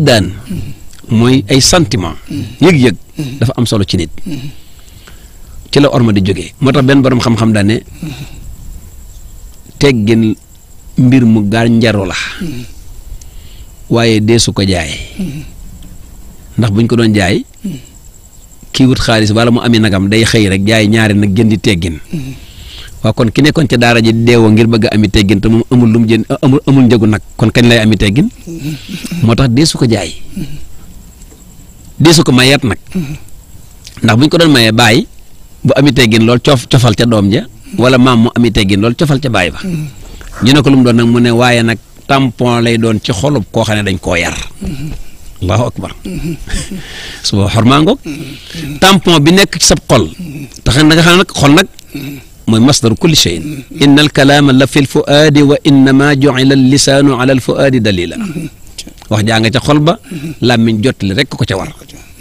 daan mooy ay santiment yëg-yëg dafa am solo ci nit ci la orma di jóge moo tax benn borom xam-xam daane ne teggin mbir mu gaar njaru la waaye deesu ko jaay ndax buñ ko doon jaay kii wut xaalis wala mu amee nagam day xëy rek jaay ñaari nag gën di teggin waa kon ki nekkoon ca daara ji deewoo ngir bëgg amit ami teggin te moom amul lu mu jën amul amul njëgu nag kon kañ lay amit teggin moo tax deesu ko jaay deesu ko mayeet nag ndax bu ñu ko doon mayee bàyyi bu ami teggin lool coof cofal ca doom ja wala maam mu amit teggin lool cofal ca baay ba mm-hmm. ñu ne ko lu mu doon nag mu ne waaye nag tampon lay doon ci xolub koo xam ne dañ koo yar mm-hmm. allahu akbar mm-hmm. suba xormaa ngoog tampon bi nekk sab xol tax na nga xam nag xol nag من مصدر كل شيء إن الكلام اللي في الفؤاد وإنما جعل اللسان على الفؤاد دليلا واحد يعني nga لا من جوت làmmiñ jot